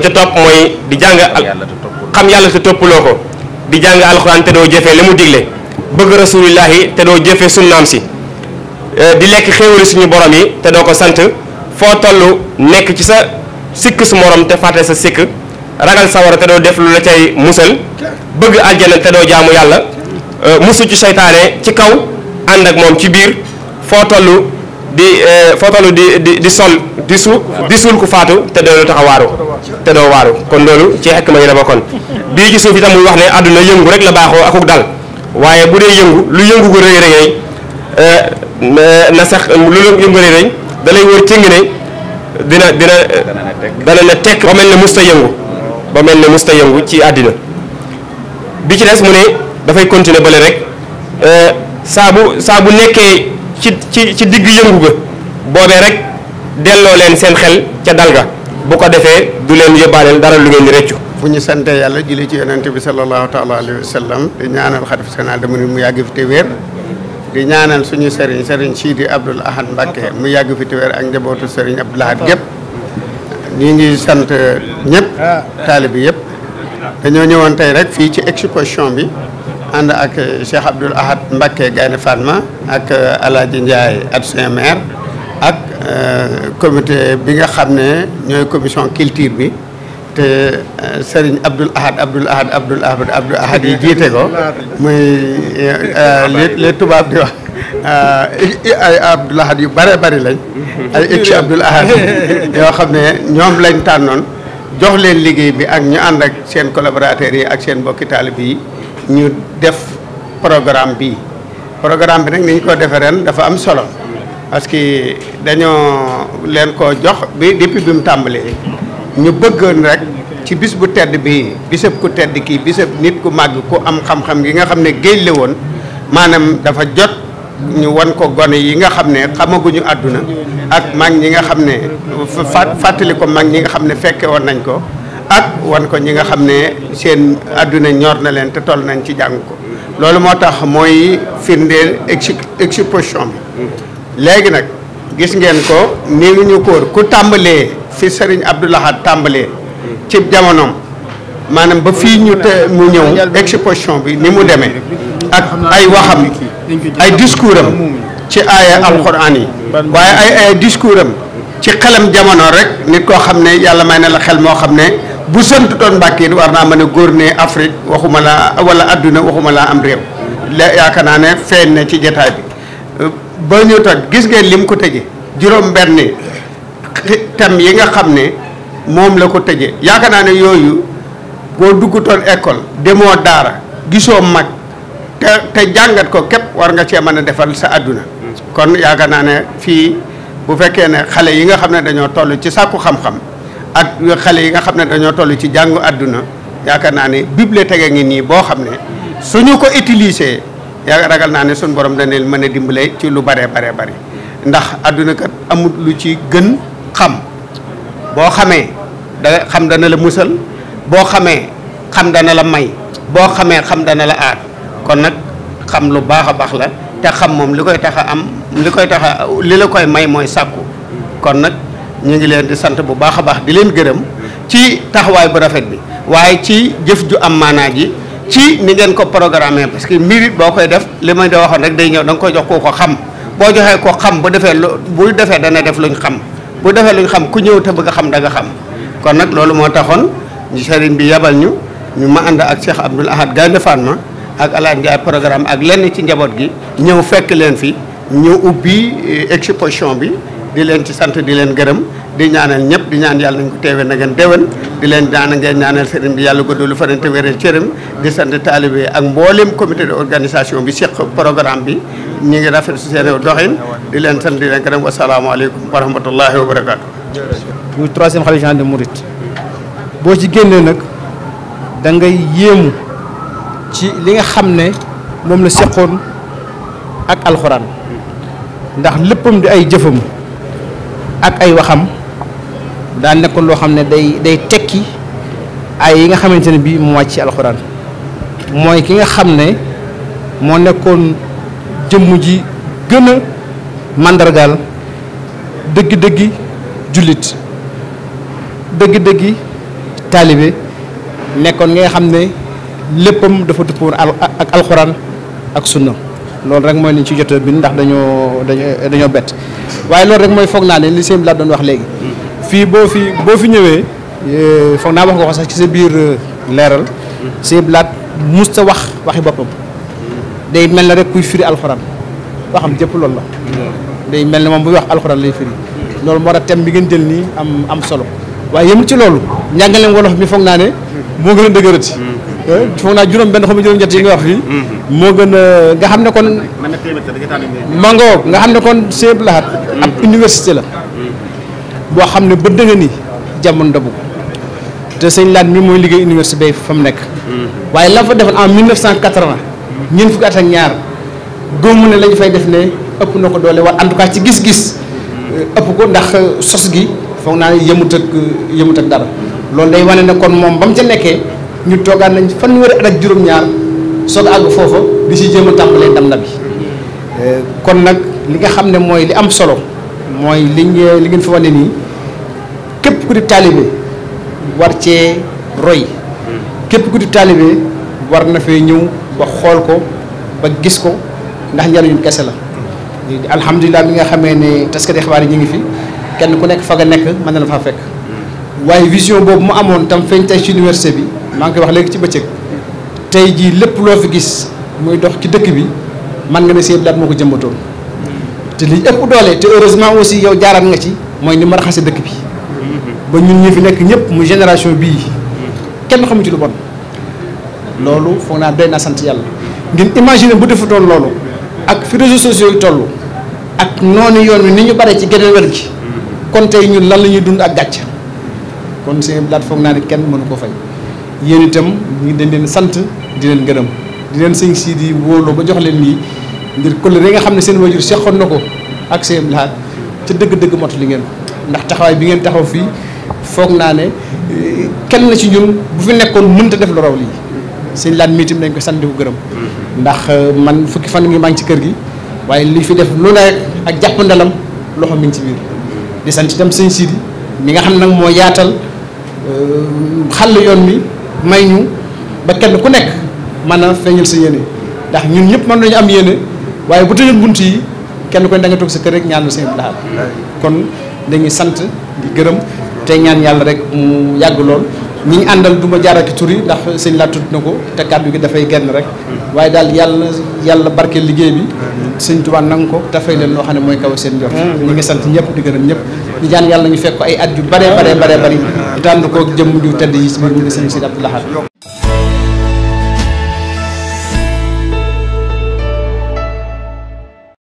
ba ca topp mooy di jàng xam yàlla te toppuloo ko di jàng alxuraan te doo jëfee li mu digle bëgg rasulillahi te doo jëfee sunnaam si eh, di lekk xéewali suñu boroom yi te doo ko sant foo toll nekk ci sa sikk su morom te fàtte sa sikk ragal sawara te doo def lu la cay musal bëgg aljana te doo jaamu yàlla eh, musu ci seytaane ci kaw ànd ak moom ci biir foo toll di eh, footalu di di di sol di suuf di suul ku faatu te doo tax te doo waaru kon loolu ci xekk ma ñu la bokkoon bii ci suuf itam muy wax ne àdduna yëngu rek la baaxoo ak akuk dal waaye bu dee yëngu lu yëngu gu rëy rëy eh, na sax lu yëngu rëy rëy da lay wóor cëngi ne dina dina dana ne tekk ba mel ne musta yëngu ba mel ne musta yëngu ci àddina bi ci des mu ne dafay continuer bële rek eh, saa bu saa bu nekkee ci ci ci digg yëngu ga boobee rek delloo leen seen xel ca dal ga bu ko defee du leen yóbbaaleel dara lu ngeen di reccu bu ñu santee yàlla julli ci yonent bi sallallahu taala alayhi wa sallam di ñaanal xalifa général dama ni mu yàgg fi te wér di ñaanal suñu sëriñ sëriñ Sidi Abdoul Ahad Mbacké mu yàgg fi te wér ak njabootu sëriñ ab Ahad gépp ñu ngi sant ñëpp ah. taalibi yëpp dañoo ñëwoon tey rek fii ci exposition bi ànd ak euh, Cheikh Abdoul Ahad Mbacké Gaynde Fatma ak Alaaji at adjoint maire ak euh, comité bi nga xam ne ñooy commission culture bi te euh, Serigne Abdoul Ahad Abdoul Ahad Abdoul Ahad yi jiite ko muy les tubaab di wax ay Abdoul Ahad yu bare bari lañ ay ex Abdoul Ahad yoo xam ne ñoom lañ tànnoon jox leen liggéey bi ak ñu ànd ak seen collaborateurs yi ak seen mbokki taalib yi ñu def programme bi programme bi nag ni ñu ko defee ren dafa am solo parce que dañoo leen ko jox bi dépuis bi mu tàmbalee ñu bëggoon rek ci bis bu tedd bi bisab ku tedd kii bisab nit ku màgg ku am xam-xam yi nga xam ne géej la woon maanaam dafa jot ñu wan ko gone yi nga xam ne xamaguñu àdduna ak mag ñi nga xam ne fàttali ko mag ñi nga xam ne fekke woon nañ ko ak wan ko ñi nga xam ne seen àdduna ñor na leen te toll nañ ci jàng ko loolu moo tax mooy firndeel exposition bi léegi nag gis ngeen ko nii ngi ñu kóor ku tàmbalee fi Serigne Abdou Lahad tàmbalee ci jamonoom maanaam ba fii ñu te mu ñëw exposition bi ni mu demee ak ay waxam ay discours am ci aaya alxuraan yi waaye ay ay discours am ci xelam jamono rek nit koo xam ne yàlla may na la xel moo xam ne bu sant doon mbàkkiin war naa mën a góor ne Afrique waxuma laa wala adduna waxuma laa am réew la yaakaar naa ne feeñ na ci jataay bi ba ñu tag gis ngeen lim ko tëje juróom benni thème yi nga xam ne moom la ko tëje yaakaar naa ne yooyu boo duggutoon école demoo daara gisoo mag te te jàngat ko képp war nga cee mën a defal sa adduna mm. kon yaakaar naa ne fii bu fekkee ne xale yi nga xam ne dañoo toll ci sàkku xam-xam ak xale yi nga xam ne dañoo toll ci jàngu àdduna yaakaar naa ne bibliothèque ngi nii boo xam ne suñu ko utiliser yaa ragal naa ne suñ borom dana leen mën a dimbale ci lu bare bare bari ndax àdduna kat amut lu ci gën xam boo xamee da xam dana la musal boo xamee xam dana la may boo xamee xam dana la aar kon nag xam lu baax a baax la te xam moom li koy tax a am li koy tax li la koy may mooy sàkku kon nag ñu ngi leen di sant bu baax a baax di leen gërëm ci taxawaay bu rafet bi waaye ci jëf ju am maanaa yi ci ni ngeen ko programme parce que mbir boo koy def li ma da waxoon rek day ñëw da koy jox koo ko xam boo joxee ko xam bu defee lu defee dana def luñ xam bu defee luñ xam ku ñëw te bëgg xam danga xam kon nag loolu moo taxoon sëriñ bi yabal ñu ñu ma ànd ak Cheikh Abdoul Ahad Gaynde Fatma ak Alane Ndiaye programme ak lenn ci njaboot gi ñëw fekk leen fi ñëw ubbi eh, exposition bi di leen ci sant di leen gërëm di ñaanal ñëpp di ñaan yàlla nañ ko teewee na ngeen déwén di leen ñaan ngeen ñaanal sëriñ bi yàlla guddalu fanante wéral cëram di sant taalibe ak mboolem commité de organisation bi seq programme bi ñu ngi rafet su seen doxin di leen sant di leen gërëm wasalaamaaleykum wa rahmatullahi wa barakaatu muy troisième xalifa général des boo ci génnee nag da ngay yéemu ci li nga xam ne moom la seqoon ak alxuraan ndax léppam di ay jëfam ak ay waxam daa nekkoon loo xam ne day day tekki ay yi nga xamante ne bii mu wàcc ci alxuraan mooy ki nga xam ne moo nekkoon jëmm ji gën a màndargaal dëgg-dëggi jullit dëgg-dëggi taalibe nekkoon nga xam ne léppam dafa dëppoon ak alxuraan ak sunna loolu rek mooy liñ ci jot a ndax dañoo dañoo bett waaye loolu rek mooy foog naa ne li sëñ bi doon wax léegi. fii boo fi boo fi ñëwee eh, foog naa wax nga ko sax ci sa biir eh, leeral. sëñ bi laa mus ta wax waxi boppam. day mel ne rek kuy firi alxuraan waxam jëpp loolu la. day mel ne moom buy wax alxuraan lay firi. loolu moo tax thème bi ngeen jël nii am am solo waaye yëmul ci loolu njàngaleem wolof mi foog naa ne moo gën a dëgërati. foog naa juróom benn xam nga juróom-ñett yi nga wax fii. moo gën a nga xam ne kon. mangoo nga xam ne kon Sèye Lahat ab université la. boo xam ne ba dëgg ni jamono dabu te sëñ Laat mi mooy liggéey université bay fa mu nekk. waaye la fa defoon en 1980. ñeent fukki at ak ñaar góomu ne la ñu fay def ne ëpp na ko doole wala en ci gis-gis. ëpp ko ndax sos gi foog naa ne yëmut ak yëmut ak dara. loolu day wane ne kon moom ba mu ca nekkee. ñu toogaan nañ fanweeri at ak juróom-ñaar soog àgg foofa bi si jéem a tàmbalee ndam la bi eh, kon nag li nga xam ne mooy li am solo mooy liñ li ngeen fi wane nii képp ku di taalibe war cee roy képp ku di taalibe war na fee ñëw ba xool ko ba gis ko ndax njariñu kese la alhamdulilah bi nga xamee ne taskati xibaar yi ñu ngi fi kenn ku nekk fa nga nekk mën na la faa fekk waaye vision boobu mu amoon tam feeñ tey ci université bi maa ngi koy wax léegi ci bëccëg tey jii lépp loo fi gis muy dox ci dëkk bi man nga ne Sëñ Abdou moo ko jëmbatoon te li ëpp doole te heureusement aussi yow jaaraat nga ci mooy ni ma raxase dëkk bi ba ñun ñi fi nekk ñëpp mu génération bii kenn xamu ci lu bon loolu foog naa doy naa sant yàlla ngeen imaginer bu defutoon loolu ak fi réseaux sociaux yi toll ak noonu yoon wi ni ñu bare ci geneen wér gi kon tey ñun lan la ñuy dund ak gàcc kon Sëñ Abdou foog naa ne kenn mënu ko fay yéen itam ñu dañ leen sant di leen gërëm di leen sëñ si di wóoloo ba jox leen lii ngir kóllëre yi nga xam ne seen waajur seqoon na ko ak seen laaj ca dëgg-dëgg mot li ngeen ndax taxawaay bi ngeen taxaw fii foog naa ne eh, kenn na ci ñun bu fi nekkoon mënta def lu raw lii seen laaj mi itam dañ ko sant di ko gërëm. ndax eh, man fukki fan ngi maa ngi ci kër gi waaye li fi def lu ne ak jàpp ndalam loxo mi ngi ci biir di sant itam sëñ Sidi mi nga xam nag moo yaatal eh, xàll yoon mi. may ñu ba kenn ku nekk mën a feeñal sa yéene ndax ñun ñëpp mën nañu am yéene waaye bu tëjoon bunt yi kenn ku ne da nga toog sa kër rek ñaanal seen daal kon dañuy sant di gërëm te ñaan yàlla rek mu yàgg lool ñi ñu àndal du ma jaar ak turi ndax sëñ laa tudd na ko te kàddu gi dafay genn rek waaye daal yàlla yàlla barke liggéey bi sëñ Tuubaa nanga ko dafay leen loo xam ne mooy kaw seen jot ñi ngi sant ñëpp di gërëm ñëpp di ñaan yàlla ñu fekk ko ay at yu bare bare bare bëri di tànd koo jëmm ju tedd yi si biir mu ngi